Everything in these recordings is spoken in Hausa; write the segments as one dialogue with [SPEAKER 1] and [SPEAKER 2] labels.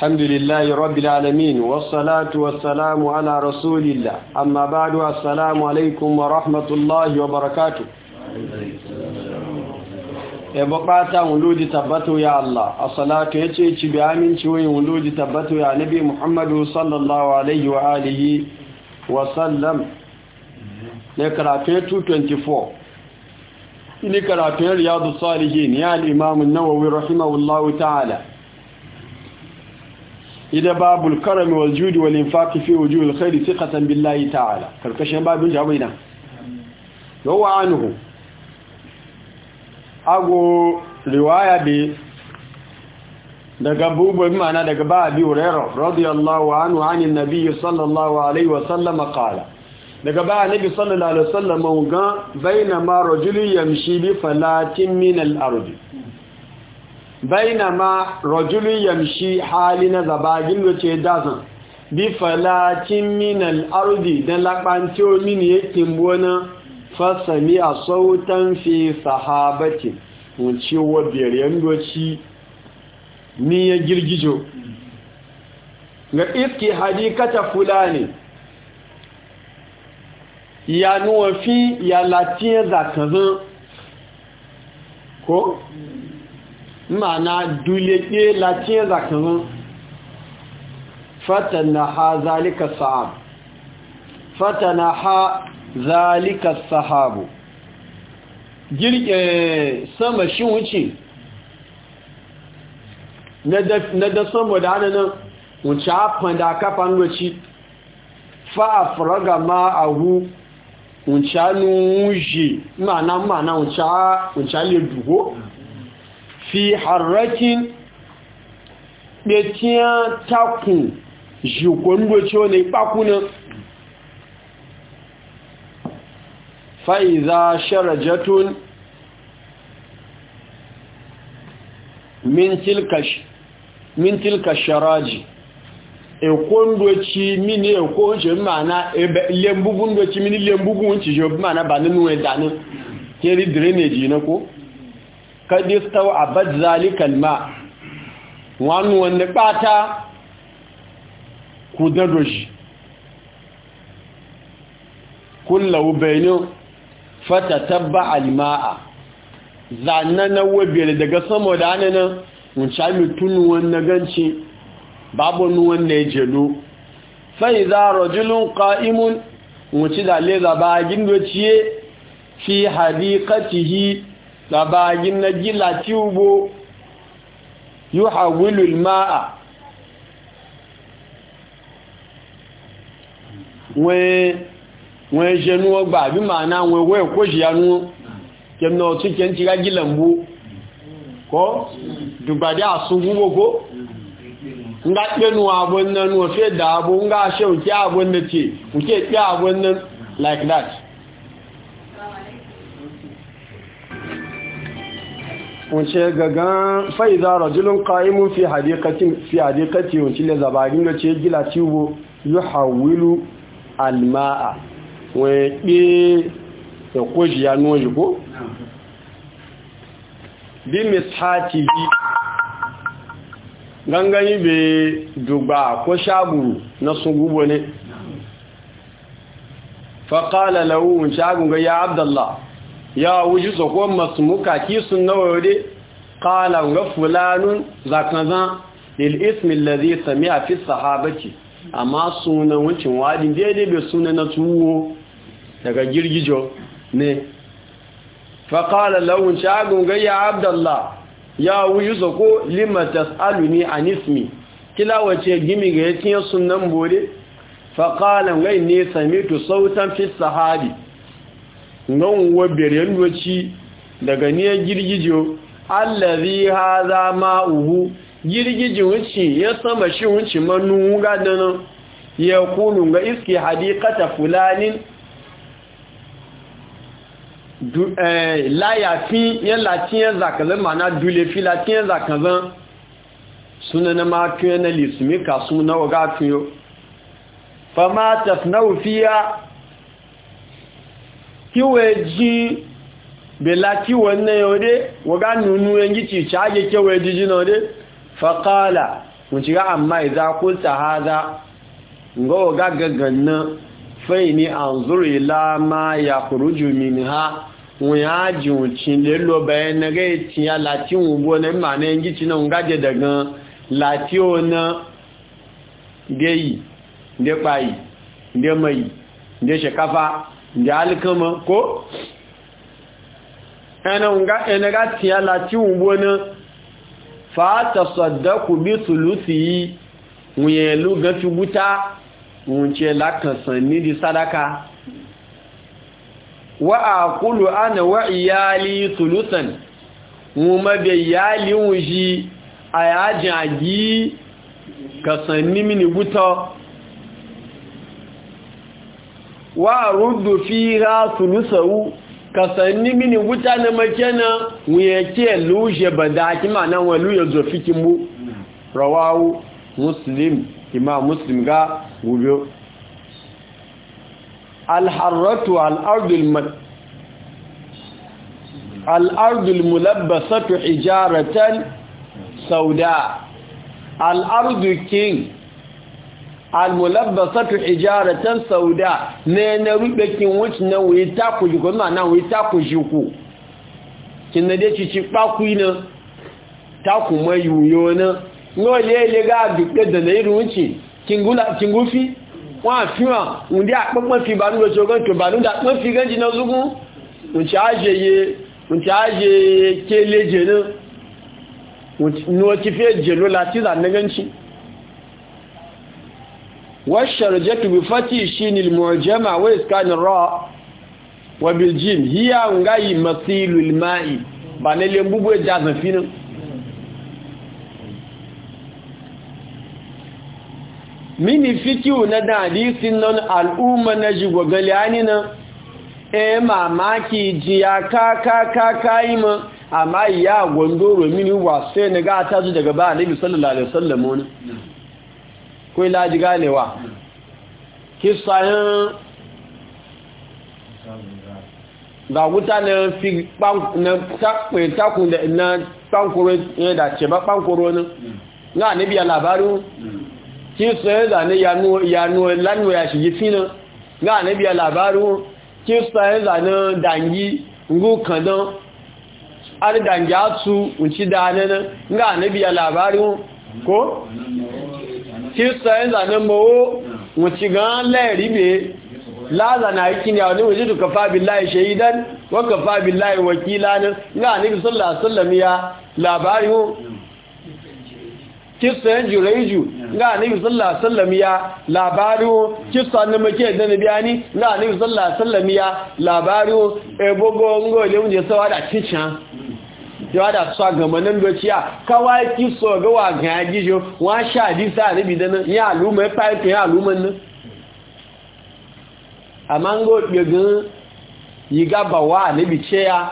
[SPEAKER 1] الحمد لله رب العالمين والصلاة والسلام على رسول الله أما بعد السلام عليكم ورحمة الله وبركاته بقاتا ولودي تبتو يا الله الصلاة يتشيش بآمن شوي ولودي تبتو يا نبي محمد صلى الله عليه وآله وسلم نكرا فيتو 24 نكرا في رياض الصالحين يا الإمام النووي رحمه الله تعالى إذا باب الكرم والجود والإنفاق في وجوه الخير ثقة بالله تعالى فالكشن باب جاوينا هو عنه أقو رواية بي دقبوب بمعنى دقباء بي وريرا رضي الله عنه عن النبي صلى الله عليه وسلم قال دقباء النبي صلى الله عليه وسلم وقال بينما رجل يمشي بفلات من الأرض ma rajulun yamshi hali na zabagin da ce dazan bi falakin minal ardi da labanci omini yake bona fasami a sautan fi sahabati wuce wa biyaryen doci ni ya girgijo ga iski hadikata fulani ya nuwafi ya latin zakazan ko ma'ana duleke latin zakarin fatana ha zalika sa'ab fatana ha zalika sahabu girke eh, sama shi wuce na da sama da hannun wuce hafan da kafan ma a hu wuce hannun wuce ma'ana ma'ana wuce hannun wuce hannun fi harakin ɓetiya taku jikon wani ɓakunan fa'iza sharajatun min tilka sharaji ekon doci mini ekon ce mana lembubun doci mini lembubun ce mana ba ninu edanin keri drainage na ko? a yastaw'abat zalika ma. wan wanda bata ku dadoji kullu bainu fatatabba almaa zannana wabiyar daga sama da hannun mun sami tunu wannan ganci babu nuwan da jelo sai za rajulun qa'imun mun ci da leza ba gindo ciye fi hadiqatihi labagin na gila ci ugbo yi hawilul ma'a wọn ṣe ní wọ́n gbà bí màá náà wọn wọ́n kó ṣe yánú kẹmìnà ọ̀tún kẹ ń ti rájílẹ̀ ń kọ́ dùgbàdé àsúnkú gbogbo ń gá pẹ́nu àbọn náà ọ̀fẹ́ ìdá àbọn ṣe òkè àbọn náà òkè pẹ́ àbọn náà like that wace gagan fa'iza rajulun ƙa'imun fi hadikati wace le zabarin da ce gila ciwo yi hawilu alma'a wani da kwaji ya noji ko? bi misati bi gangani be duba ko shaguru na sun gubo ne faƙala in shagun ga ya abdallah ya wuji tsohon masu muka sun na wade ƙalan ga fulanun zakazan il-ismin da zai sami a fi sahabaci amma sunan wucin wadin daidai bai suna na tuwo daga girgijo ne faƙalar launin shagun gayya abdallah ya wuji tsoko limatas alumi a nismi kila wace gimi ga yakin sunan bore faƙalar gai ne sami tu sautan fi sahabi ngan wa beryan waci daga ne girgijo allazi hadha ma'uhu girgijin wuce ya sama shi wuce manu gadanin ya kunu ga iski hadikata fulanin layafin yan latiyan zakazan mana dulefi latiyan zakazan suna na mafiya na lisumi kasu na waga fiyo fama tafnau fiya kiwe ji bela kiwe na yode waga nunu yanki ci cage kiwe ji ji na de? faƙala mun shiga amma iza kulta haza ga waga gagganna fai ni an zuri lama ya kuruju min ha wuya ji wucin lelo bayan na gai tiya latin wubo na ma na yanki ci na ngaje daga latiyo na gayi da bayi da mayi, da shekafa ga kama ko ẹna ga ti ala ti wugbo fa fata sadaku bi tulusi yi wuyen lu gafi wuta la lakansan ni di sadaka wa a kulu ana wa iyali tulusan mu mabe iyali wuji a yajin agi ni mini wuta wa ruddu fiha sulusahu kasanni mini wuta na makena wuyake luje badaki mana walu ya zofi mu rawahu muslim imam muslim ga gubo alharratu al'ardul al'ardul mulabbasatu hijaratan sauda al'ardu king almulabbasatu hijaratan sauda ne na rube kin wuce na wuyi taku jiko na na wuyi taku jiko kin na dai cici paku ne taku mai yuyo ne no le le ga dupe da na irin wuce kin gula kin fi wa fiwa a apopon fi banu lo jogan to banu da pon fi ganji na zugun unci ajeye unci ajeye keleje ne unci no ti fe jelo lati da ne ganci والشرجة بفتح شين المعجمة وإسكان الراء وبالجيم هي غاي مثيل الماء بان لمبوبو جازن فين mini fiki na dadisin nan al'umma na jigwagali na e mamaki ji ya kaka ka ma amma ya gwandoro mini wasu ne ga ta daga ba alibi sallallahu alaihi wasallam ne. ko ilaji ganewa kisa yin wuta na fi takun da na pankoro ya da ce ba kankuro ne na ne biya labarin kisa yin zane yanuwa lanuwa ya shigi fina na ne biya labarin kisa yin zane dangi ngukan don ar dangi asu unci da hannun na ne biya labarin ko kírísítọ̀yìn zànà mọ́wó wọ́n ti gan lẹ́ẹ̀rí bèé láàzànà ni àwọn oníwèé jùtù kàfà bí láì ṣe yí dán wọ́n kàfà bí láì kí lánà ńgá níbi sọ́làsọ́làmí ya labari wọn kírísítọ̀yìn jù rẹ̀ jù ńgá níbi sọ́làsọ́làmí ya labari wọn kírísítọ̀yìn na mẹ́kẹ́ ìdán níbi yaní ńgá níbi sọ́làsọ́làmí ya labari wọn ẹgbogbo ń gọ́ ilé oúnjẹ sọ́wọ́dà kíkàn yau da su a gamanin dociya kawai ki so ga wa ga gijo wa sha di sa ni bi dan ya aluma ya pipe ya aluma nan amma ngo gbegin yi ga ba wa ni bi ceya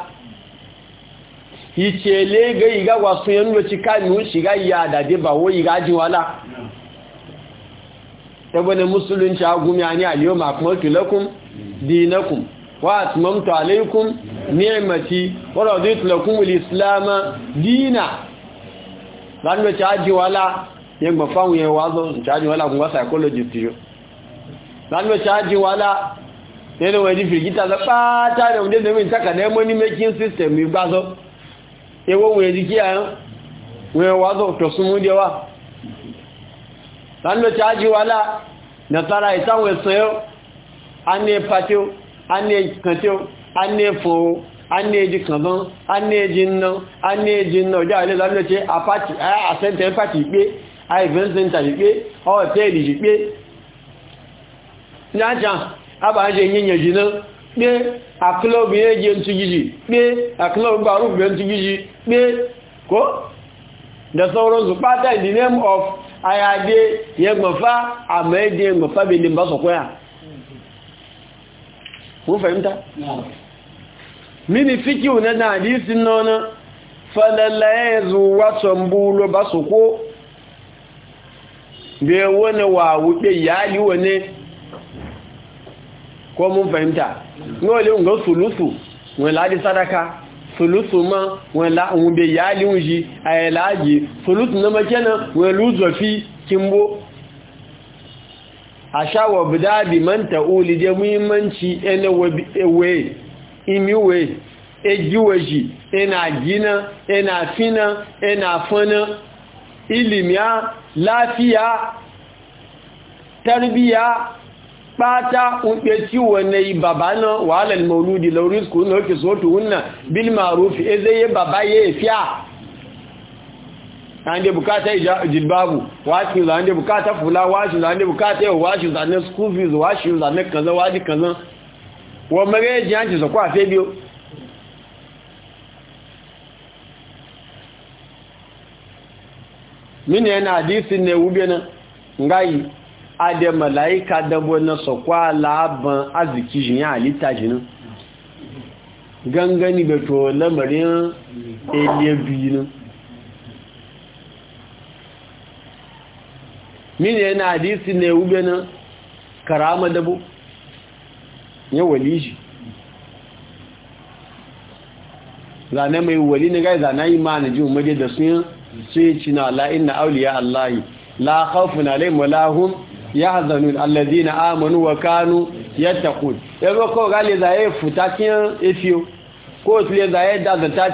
[SPEAKER 1] yi cele ga yi ga wasu yan doci kan mu shiga ya da de ba wo yi ga ji wala tabone musulunci agumi ani aliyo ma kuma lakum dinakum wa atmamtu alaikum ni'mati wa raditu lakum al-islam dina dan be chaji wala ye gba fawo ye wazo chaji wala kun wa psychologist yo dan be chaji wala ne le wedi frigita za pata ne unde ne min taka ne money making system mi gbazo ye wo we di kia we wazo to de wa dan be chaji wala na tara itawe sayo ane patio ane kantio anefo aneji kanban aneji nna aneji nna ọjọ́ ilé lọ́nà tí àpáti àṣẹ́ntẹ̀ pàtì pé àìfẹ́n sẹ́ntà yìí pé ọ̀tẹ́ẹ̀lì yìí pé láàjá àbájẹ yíyàn jìnà pé àkílọ́bì ẹjẹ ń túgíjì pé àkílọ́bì gbàrúgbẹ ń túgíjì pé kó da sauransu pátá in the name of ayade yẹgbọ̀fá àmọ́ ẹjẹ yẹgbọ̀fá bèèrè mbásọ̀kọ́yà fahimta? mini fikiu na na hadisi nona falalayezu wasan bulo ba su ko bai wani wa wuɗe yali wani ko mun fahimta le nga sulusu wani ladi sadaka sulusu ma wani bai yali wuji a yalaji sulusu na makena wani luzofi kimbo a wa bida bi manta uli je muhimmanci ewe imiwe ejiweji ina gina ina fina ina fana ilimiya lafiya tarbiya pata unpe ti wone yi baba na wahalar mauludi lauris ku na oke sotu wunna bil marufi ezeye baba ye fiya ande bukata jilbabu washin za bukata fula washin za ande bukata yau washin school fees washin za ne kaza waji kaza wọ́n mẹ́rẹ́ ẹ̀jì àti ìsọ̀kọ́ àfẹ́ bí ó na yana hadisi ne wube na ngayi ade malaika dabo na sokwa laban aziki jin ya alita jinin gangani da to lamarin
[SPEAKER 2] elebinin
[SPEAKER 1] mini yana hadisi ne wube na karama dabo ya wali shi zane mai wali na gai zane yi ma na ji umarje da sun sai ci na la'in na auliya allahi la khawfun alaihim ya hum allazi na amanu wa kanu taku. ebe ko gale zaye kiyan efio ko tile zaye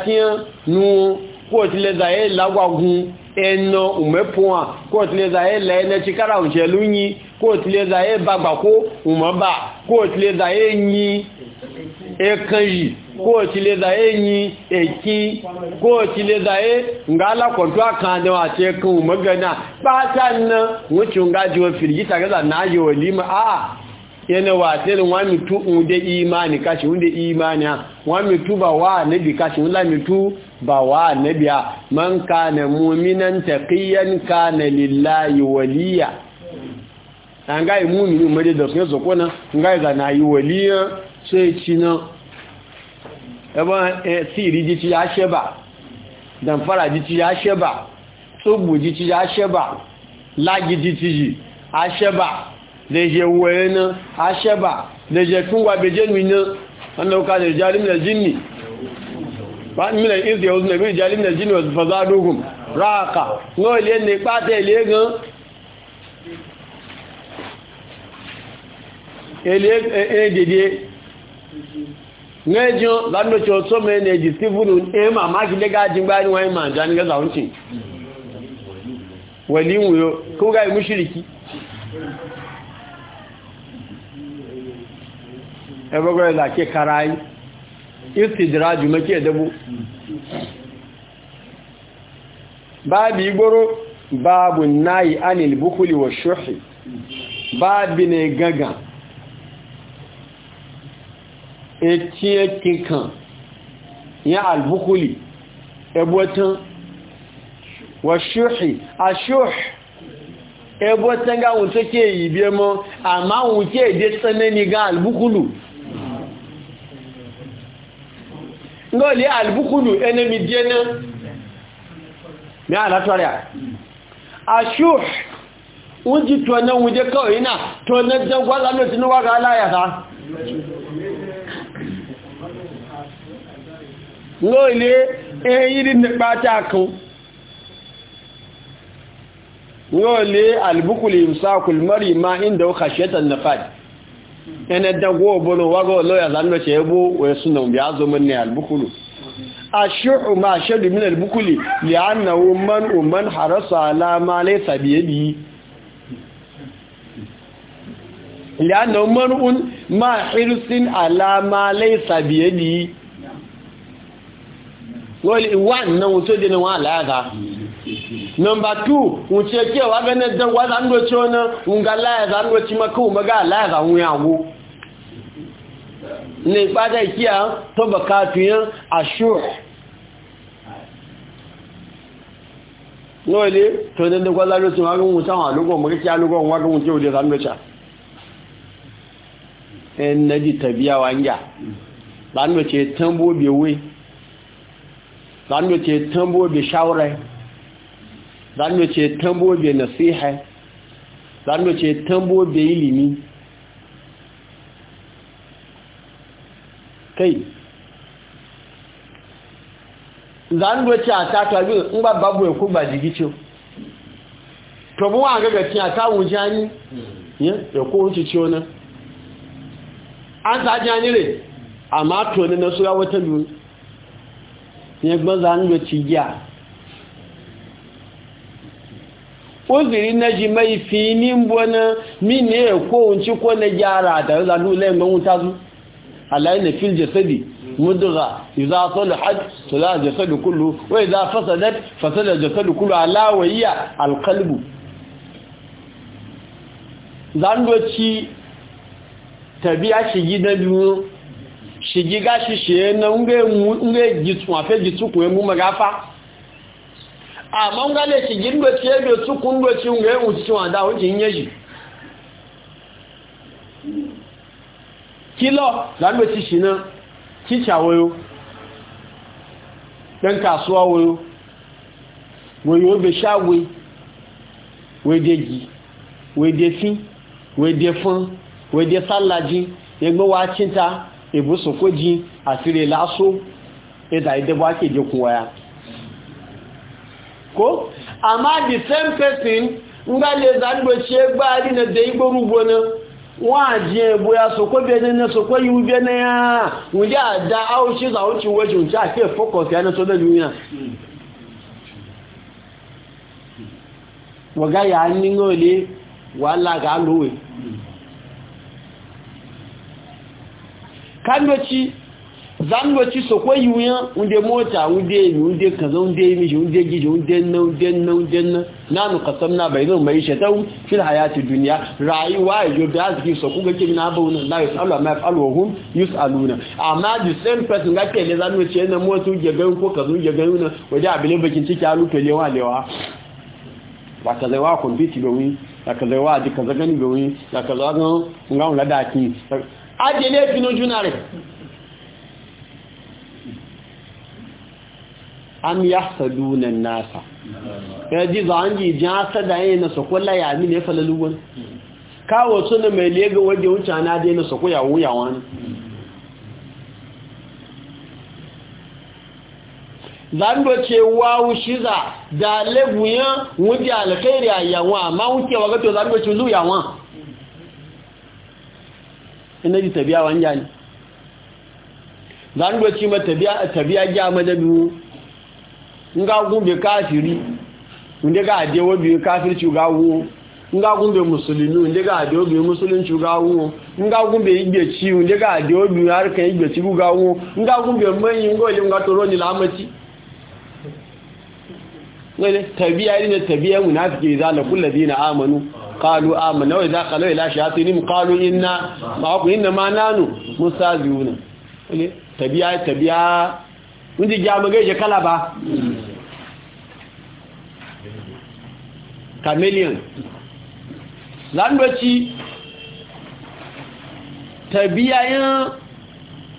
[SPEAKER 1] kiyan nu ko tile zaye lagwagun ẹnà òmẹ́pọ̀n à kó tilẹ̀za yẹ lẹ́ẹ̀nà tí kára òṣè ló yí kó tilẹ̀za yẹ bàgbà kó òmọ́bà kó tilẹ̀za yẹ yí ẹkàn yìí kó tilẹ̀za yẹ yí ẹ̀kí kó tilẹ̀za yẹ ǹgá alákọ̀tọ́ àkàndẹ̀wà àti ẹkàn yana watelin wani mitu unde imani kashi unde imani wa mitu ba wa nabi kashi wala mitu ba wa nabi man kana mu'minan taqiyan kana lillahi waliya an ga mu'minu made da sun soko na ga ga na yi waliya sai e ci na eba e, siri ji ci ya sheba dan fara ji ci ya sheba tsubu ji ci ya sheba lagi ji ci ya sheba da je waye nan ashaba da je tungwa beje ni da jalim da jinni ba min al iz yawz nabi jalim da jinni wa no le ne gan ele e, e dede ngejo lando cho so me ne ji sivunu e ma ma ki daga jingba ni wai ma jan ga zaunci wali wuyo ko
[SPEAKER 2] ẹgbẹ́gbẹ́ ìlàkí
[SPEAKER 1] karayi ìsìdìrájù mẹ́kí ẹ̀dẹ́bú báàbì igboro báàbù náyì anil bukuli wa ṣuhi báàbì ní gangan ẹ̀kí ẹ̀kí kan albukuli ẹgbẹ́tán wa ṣuhi a ṣuhi ẹgbẹ́tán tó kí èyí bí ẹmọ́ àmáhùn kí èdè tsanani ga albukulu ngo le albukulu enemi diena mi ala toria ashuh unji to na unje ko ina to na dan no tinu wa ga laya ta ngo le eyiri ne pata ko ngo le albukulu imsakul mari ma inda khashiyatan nafad ene dago bolo wago loya zanno chebo we sunan biya zo mun ne albukulu ashu ma shadu min albukuli li annahu man umman harasa ala ma laysa bi yadi li annahu man un ma hirsin ala ma laysa bi yadi wal iwan nan so dinan wa alaga nọmba tu nce kewa gane dan waza ndoci wani maka umaga laya nwunye awo ne pada ikiya to bakatu yan ashur nole to dan dan kwaza lokacin wa gungun sama lokon mu kike lokon wa gungun je zan ndoci en naji tabiya wanja zan ndoci tambo bewe zan ndoci tambo zanu ce tambo be nasiha zanu ce tambo be ilimi kai zanu ce atata bi in ba babu e ku ba jigicho to mu wa gaga ti atawu jani ye e ko ci ciwo an ta jani re amma to ne na sura wata biyu ne gbanza an ci ya uzuri na ji mai ni mbona mi ne ko ci ko na gyara da zalu le mun ta zu alai na fil jasadi mudgha idza salahat salaha jasadu kullu wa idza fasadat fasada jasadu kullu ala wa hiya do ci tabiya shigi na biyu shi gashi shi na unge unge jitsu afa jitsu ko mu magafa amma nga le ci gindo ci edo tu kundo ci nge uti wa da uti nyeji kilo dan be ci shina ci chawoyo dan kasuwa woyo woyo be shawe wedeji wedefin wedefun wedesalaji egbo wa chinta ebusokoji asire laso eda idebo ake jokun wa ya ko amma the same person nga le zanbo che gbari na de igbo rugbo na wa je bo ya so ko be na so ko yu be na ya wuje ada a o shi za o chi wuje wuje a ke focus ya na so da duniya waga ya ni ngole wala ga lowe kandoci zangoci so ko yuyan wunde mota unde yi unde kaza wunde yi miji wunde, giji wunde, na wunde, na wunde, na nanu kasamna bai zan mai shatau fil hayati duniya. rayuwa yo da zaki so ku ga kina ba wannan la yasalu ma yafalu hum yusaluna amma the same person ga ke ne zangoci na mota unde gani ko kaza unde ga yuna waje abin bakin ciki alu pelewa lewa ba ka zai wa kwamfiti domin da ka zai wa ji ka zagani domin da ka zagani ngawon ladaki ajiye ne fino juna rai am yahsaduna nasa yaji zanji asa da yana sokola ya mi ne falaluwan kawo suna mai lega waje wuce na dai na sokoya wuya wani zando ce wawu shiza da lebuyan wuce alkhairi a yawa ma wuce wa gato zando ce zuwa yawa ina ji tabiya wanjani Zan zando ce ma tabiya gya madabi nga kafiri inda ga adị obi kafirci ga wo nga musulmi inda ga ade wabi obi ga wo nga gumbe igbeci inda ga igbeci ga wo nga gumbe manyi ngoli nga toro ni lamaci ngale tabiya ne tabiya munafiki zalla kullu ladina amanu qalu amanna wa idha qalu ila shayatinihim tabiya tabiya kala ba chameleon landoci tabiyayen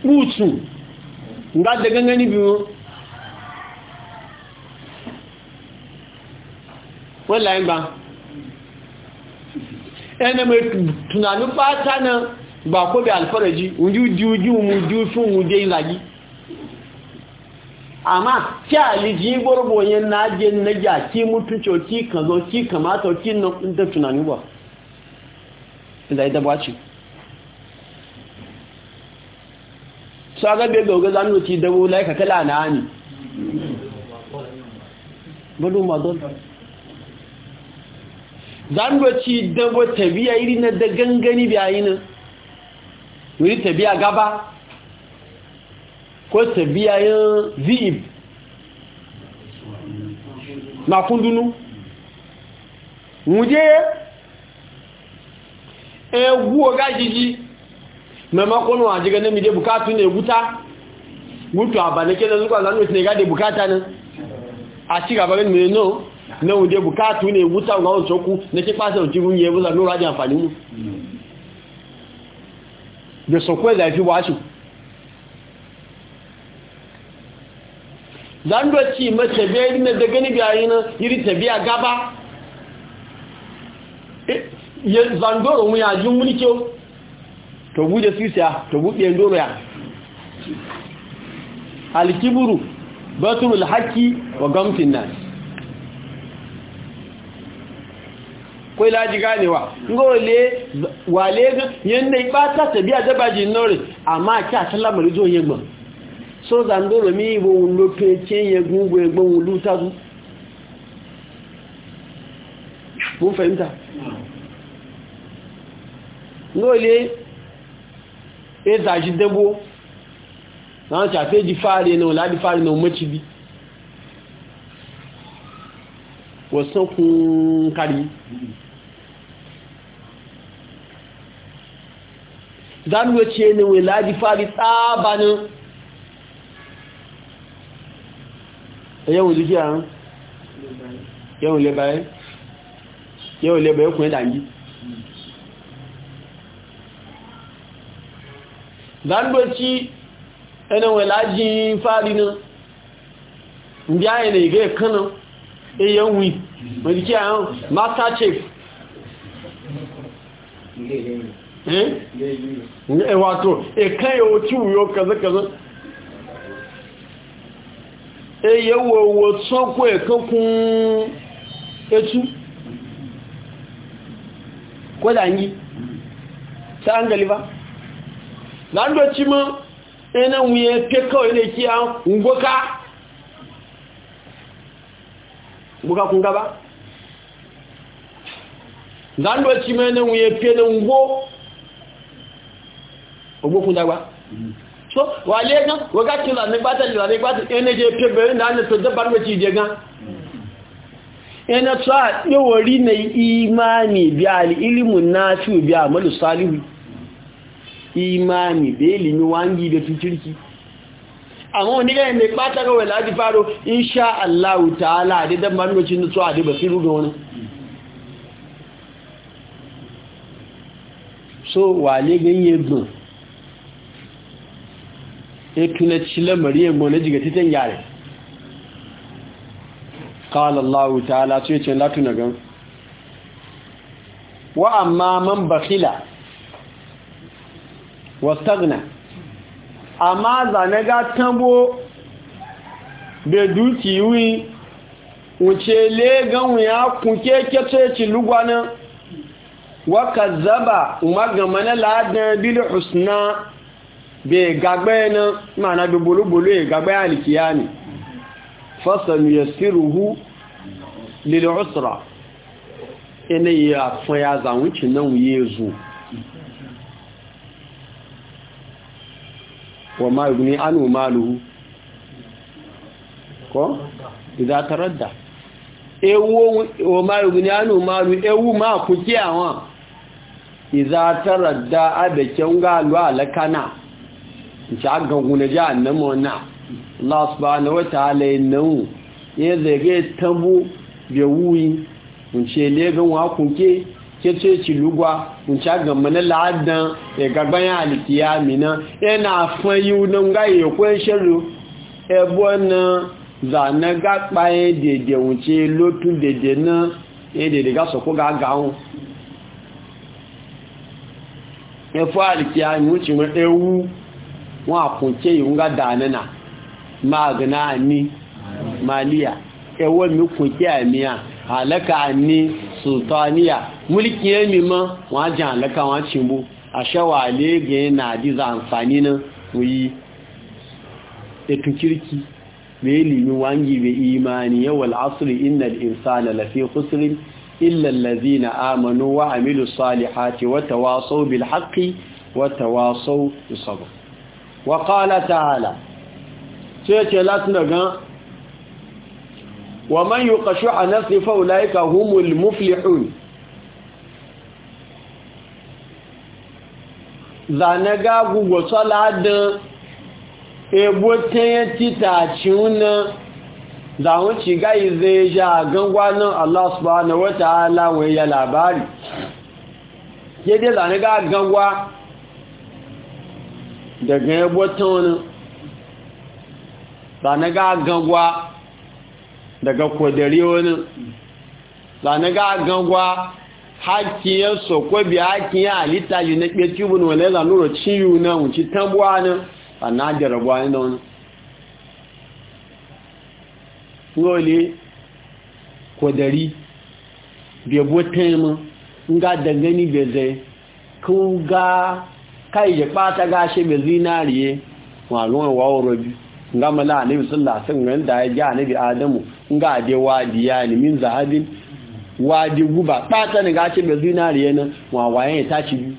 [SPEAKER 1] kutu nga da gangani biyu wọ́n láyé bá ẹni mẹ́ tunanin pátá náà gbà kó bí alfaraji ojú ojú ojú fún ojú ìlàjí amma ki aliji boyen na jin na jaki coci ka zo ki kamata ki na da tunani ba da ita ba ce su aga doga zan zanu ci dabo ka kala na ani bado mazon zanu ci dabo tabiya iri na da gangani biyayi nan wuri tabiya gaba ko biya yin zi'ib na kundunu wuje egwu oga jiji maimakon waje ganin de bukatu ne wuta mutu a banake da zuwa zanen ne de bukata ne a ci gaba ganin ne no na wuje bukatu ne wuta ga wancan ku na ke fasa wuce gunye buza nura da amfani mu da fi wa washe zando ci mace biya irin da gani biya yi nan iri tabiya gaba e, zando romu ya jin mulki to buje sisiya to buɗe doro ya alkiburu batul haki wa gamtin nan kwai laji ganewa ngole wale yanda ba ta tabiya dabajin nore amma kya salamar zo yin gbam so zandoro mi ibo ohun ló tó etí yẹn gúngbò ẹgbọ́n ohun ló sáàtú mú fẹ́mta lóòlé ẹzàjí dẹ́gbó láwọn ṣàfẹ́jì fàárí náà láti fàárí náà mọ́tí bí wọ̀sán kún kárí zandoro tí ẹni láti fàárí tàbánú ẹyẹ́wò dúkìá rán yẹ́wò lẹ́bàá ẹ́ yẹ́wò lẹ́bàá ẹkùn ẹ̀dàjí zandoci ẹnẹwẹ̀ lájí fàárí náà ndí ayẹ̀ nà ìgẹ́ ẹ̀kánná ẹyẹ́ wùí mẹ́díkíà rán master chef ẹwà tó ẹ̀kán yóò tí wùí ó kẹ́sẹ́kẹ́sẹ́ eye wowo tsɔkɔ ekekun etu kódà yí sáàngẹ̀lì bá láńdọ̀tí mọ́ ẹnà wùye pẹ́kọ̀ ilé kí a ń gbóká gbóká kún gábá láńdọ̀tí mọ́ ẹnà wùye pẹ́ ẹnà ń gbó ogbókún dágbá so wale gan waga ti la ni gbata ni la ni gbata ene je pe be na ni to de ti je gan ene wori imani bi ilmu bi amalu salihu imani be li ni wangi amma ni ga ne ga wala di faro insha Allah ta'ala ti ni ga wani so gan etuna cila mariyan gona jiga titan yare qala allah ta'ala ce ce la tuna gan wa amma man bakhila wastagna amma zane ga tambo be duki wi wuce le gan ya kuke kece ci lugwana wa kazzaba umma ga mana ladan bil husna bai gagbe na mana bulu-bulu ya gagbe alikiya ne fasan ya siruhu lil'usra ina ya fun ya zawunci ya wuye zu wa ma ne an umaru ko? zaa ta da ewu wa ma ne an umaru ewu ma kuke awon idan ta radda abekin galu alakana ci aga gune ji annama na Allah subhanahu wataala yanu e ya zage tabu be wuyi mun ce le gan wa kunke ke ce ci lugwa mun ci aga mana ladan e gagban ya alkiyami na yana fan yu nan ga ye ko shiru e na ga pa e dede mun ce dede na e dede ga so ko ga ga e ya e fo alkiyami mun ci ewu wa kunke yunga danana magna ni maliya e wa mi kunke amia halaka ni sultaniya mulki e mi ma wa jan halaka wa chimbu ashawa lege na diza amfani na wi e tukirki me limi wangi be imani ya wal asr innal insana lafi khusr illa allazina amanu wa amilus salihati wa tawasaw bil haqqi wa tawasaw bis wa ƙala ta'ala sai ce latin gan wa man yi ƙashu a nasi faulaika humul muflihun zane gagu gwaso ladin ebo tenye tita ciuna zaun ciga ize ya gangwanin allah subhanahu wa ta'ala wai ya labari yadda zane ga gangwa daga ya bota wani na ga gangwa daga kodari wani na ga gangwa hakiyar sokwabi hakiyar halitta yi na ƙe cibin wale zanuro ciyu na wuci tambuwa ne a na jarabuwa ne wani nole kodari bebo taimu nga dangane bezai kun kai ya ɓata gashe mai zinariye malon wawo rabi nga mala bi sallallahu alaihi ran da ya ga bi adamu nga ade wadi ya ni min zahabin wadi guba ɓata ne gashe mai zinariye nan wa waye ta ci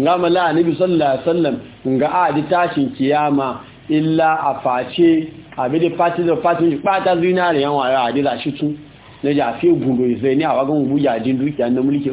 [SPEAKER 1] nga mala ne sallallahu alaihi wasallam nga adi tashin kiyama illa a face bi da fati da fati ɓata zinariye wa ya adi la shi tun ja fi gundo sai ni a wagan guja din dukiya na mulkin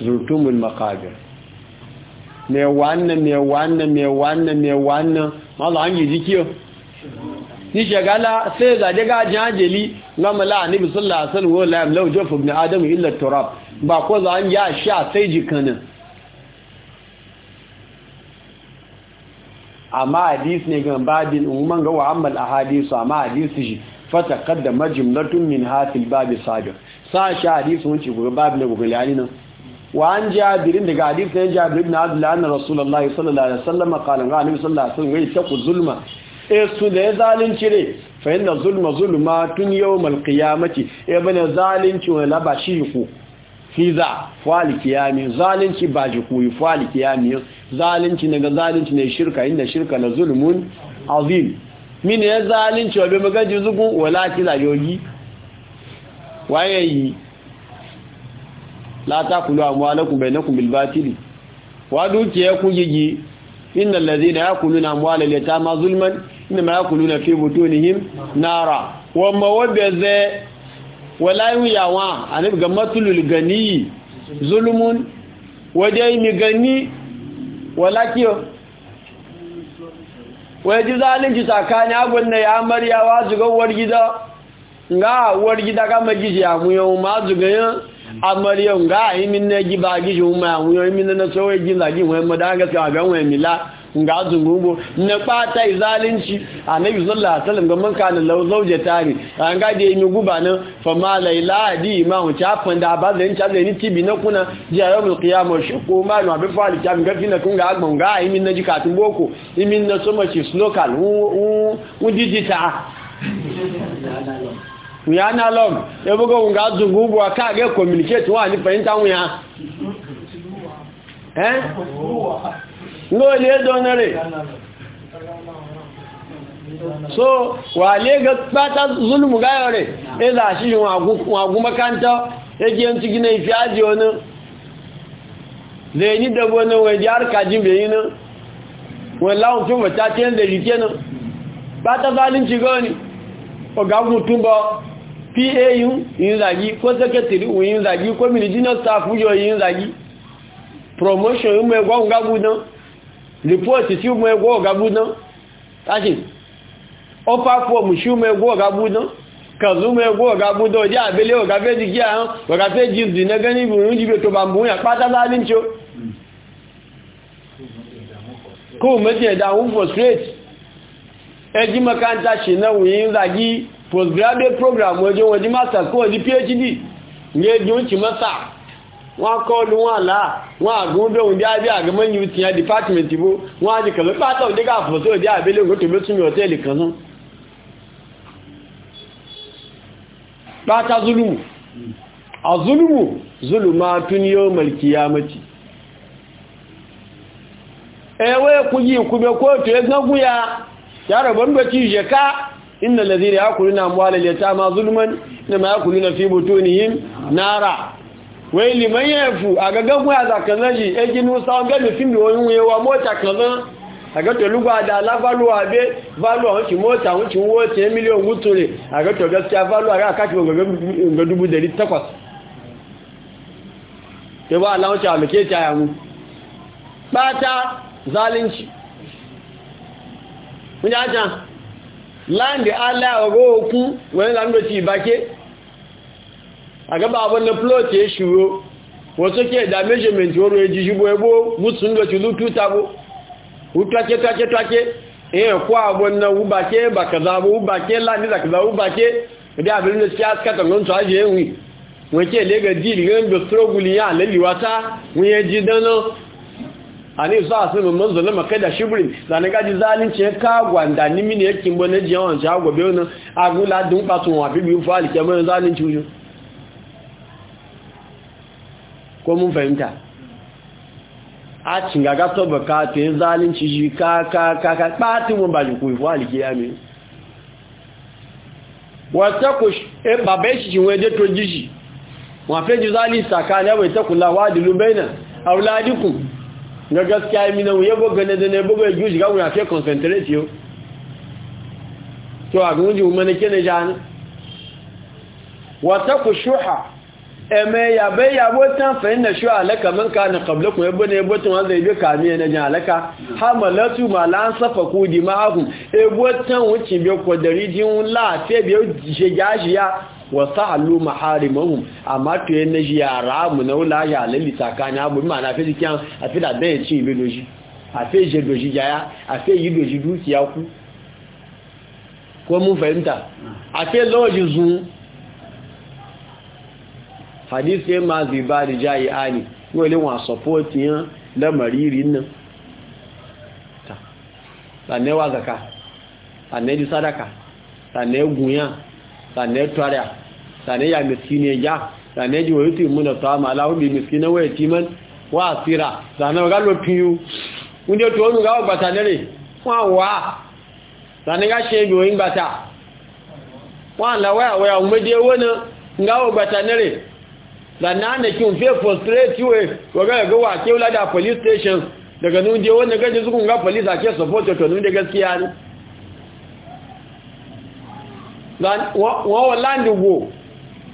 [SPEAKER 1] zurtumul makabir mai wannan mai wannan mai wannan mai wannan maza an yi jikiyo ni shagala sai zaje ga jajeli gama la annabi sallallahu alaihi wasallam wala lam jawf Adamu, adam illa turab ba ko za an ya sha sai jikanin amma hadis ne ga babin umman ga wa a hadisu amma hadisi shi fata kadda jumlatun min hatil babi sajar sa sha hadisi wuce gobe babin da yani nan وعن جابر بن قادر كان جابر بن عبد الله أن رسول الله صلى الله عليه وسلم قال قال النبي صلى الله عليه وسلم اتقوا الظلم ايسو ده ظالمci ne fa inna zulma zulmatun yawmal qiyamati e bane zalunci wala ba shi ku fiza fali kiyami zalunci ba ji ku fali kiyami zalunci ne ga zalunci ne shirka inna shirka zulmun azim mine zalunci wa be magaji zugun wala kila yogi waye yi la taqulu amwalakum bainakum bil batili wa dukiya ku gigi innal ladhina yakuluna amwala al yatama zulman inma yakuluna fi butunihim nara wa mawadza wala yawa anib gamatul gani zulmun wajai mi gani wala kiyo waje zalunci tsakanin abin da ya maryawa zugawar gida ga war gida ga majiji ya ma zugayen amaryan ga imin na gi ba gi juma wuyo imin na so gi la gi wai madan ga ka ga wai mila ga zungungo na fata zalunci annabi sallallahu alaihi wasallam ga man kana law zauje tari an ga da yimi guba nan fa ma laila di ma mu ta fanda ba zan ta ni tibi na kuna ji ayyul qiyamah shi ko ma no abin fali ta ga fina kun ga agbon ga imin na ji jikatun boko imin na so much local u u digita ya na log ya bugo un ga zungu bu aka ga communicate wa ni fahimta mu ya eh no le donare so wa le ga pata zulmu ga yore e da shi wa gu makanta yake yanci gina ifi aji wani zai ni da wani wani jihar kajin bai yi nan wani lawon tun wata ce da rike nan ba ta zalunci gani ogagun tun tumba. pa yin zagi ko secretary yin zagi ko ministerial staff yin zagi promotion yin mai gwa gabu don report ti mai gwa gabu don tashi offer form shi mai gwa gabu don kàzú mẹ́gbọ́ ọ̀gá gúdọ̀ jẹ́ àbílé ọ̀gá fẹ́jì kí àwọn ọ̀gá fẹ́jì ìdìnẹ́gẹ́ ní ìbùrún jíbe tó bá múyàn pátálá ní straight postgraduate program wọ́jọ́ wọ́n di master kó wọ́n di phd ní ẹjọ́ ń ti mọ́sà wọ́n kọ́ọ̀lù wọn àlá wọn àgúndò òun díájí àgbẹ̀mọ́ yìí ti yàn department bó wọ́n á di kẹ̀lú pátá òdé káàfọ̀ sí òdé àbẹ́lẹ̀ òun tó súnmi ọ̀tẹ́ẹ̀lì kan náà pátá zulumu azulumu zuluma tún yóò malkiyamati ẹwẹ́ kúyí kúbẹ̀ kóòtù ẹgbẹ́gbúya yàrá bọ́n bẹ̀ tí ìyẹ̀ká na ladhina yakuluna ta ma zulman ma inma na fi butunihim nara wai liman yafu aga gagu ya zakana ji eginu sawo ga mi fin bi oyun we wa mota kan aga to lugwa da la value abe valuwa on mota on ti wo 10 million gutore aga to gaskiya value aga ka ti ga dubu dari takwas. ke ba Allah wuce amike ta ya mu bata zalunci mun ja Landi alẹ́ ọ̀rọ̀ okún wọ́n láàndì ti ìbáké àgbàbà àwọn ní plọ́tì èṣùro wọ́n tó kí ẹ̀dà méjèmẹ̀ntì oró ejì ṣubú ẹgbó mútùn lọ́tì lútú tabo wútúáké túáké túáké èyàn kó àwọn ani sa asibu man zulma kada shibrin la ne gaji zalunci ka gwanda ni mini yakin bo ne jiyan ja gobe wannan agula dun patun wa bibi fa alke mun zalunci uju ko mun fahimta a cinga ga to baka te zalunci ji ka ka ka ka patin mun ba ji ku fa alke ya mi wata ku e babe shi waje to jiji wa fe ji zalunci saka ne wai ta kula wa dilu baina auladikum na gaskiya yi minan ya buga na dane buga ya juji gawo ya fi concentrate yau to a gungun ji umarni kene jani wata ku shuha eme ya bai ya botan fahim na shuha alaka man ka na kabla ku yabo na ya tun wanda ya kami kamiya na jan alaka ha ma lan safa ku di ma'ahun ya botan wuce bai kwadari jin la fe bai shi ya wasu allu maharimahum amma to yin na jiyara mu na wula ya lalli tsakani abu ma na fi jikiyan a fi da bayan cin ibe doji a fi je doji jaya a fi yi doji dukiya ku ko mun fahimta a fi lawajin zuwa hadisi ma ziba da jayi ani wani wa supportiyan lamaririn nan ta sannan wa zaka sannan ji sadaka sannan guyan sannan tuwariya sane ya miskine ja sane ji wa yuti muna ta ma lahu bi miskina wa yatiman wa asira sane ga lo piyu unde to onu ga gbata nere wa wa sane ga se bi oyin gbata wa la wa wa o meje wona nga gbata nere sane na ki un fe frustrate we wa ga ga wa ke ulada police station daga nun je wona ga je zukun ga police a ke support to nun de gaskiya ne wọ́n wọ́n láńdì wo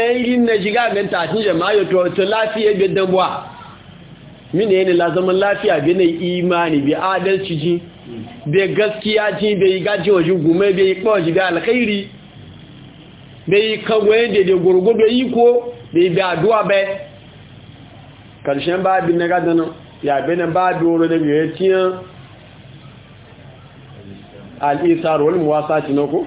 [SPEAKER 1] ẹ̀yìn na shiga ganta a cinje jama'a to tuwata lafiya bi damuwa mini ne la zaman lafiya bi ne imani bi adalci ji bi gaskiya ji bi gaji wajen gume bi ko ji da alkhairi bi goye da da gurgudu iko bi bi aduwa bai karshen babin na gadanin ya bi ne ba wuri ne biyar tiyan al'isar wani muwasa ci na ku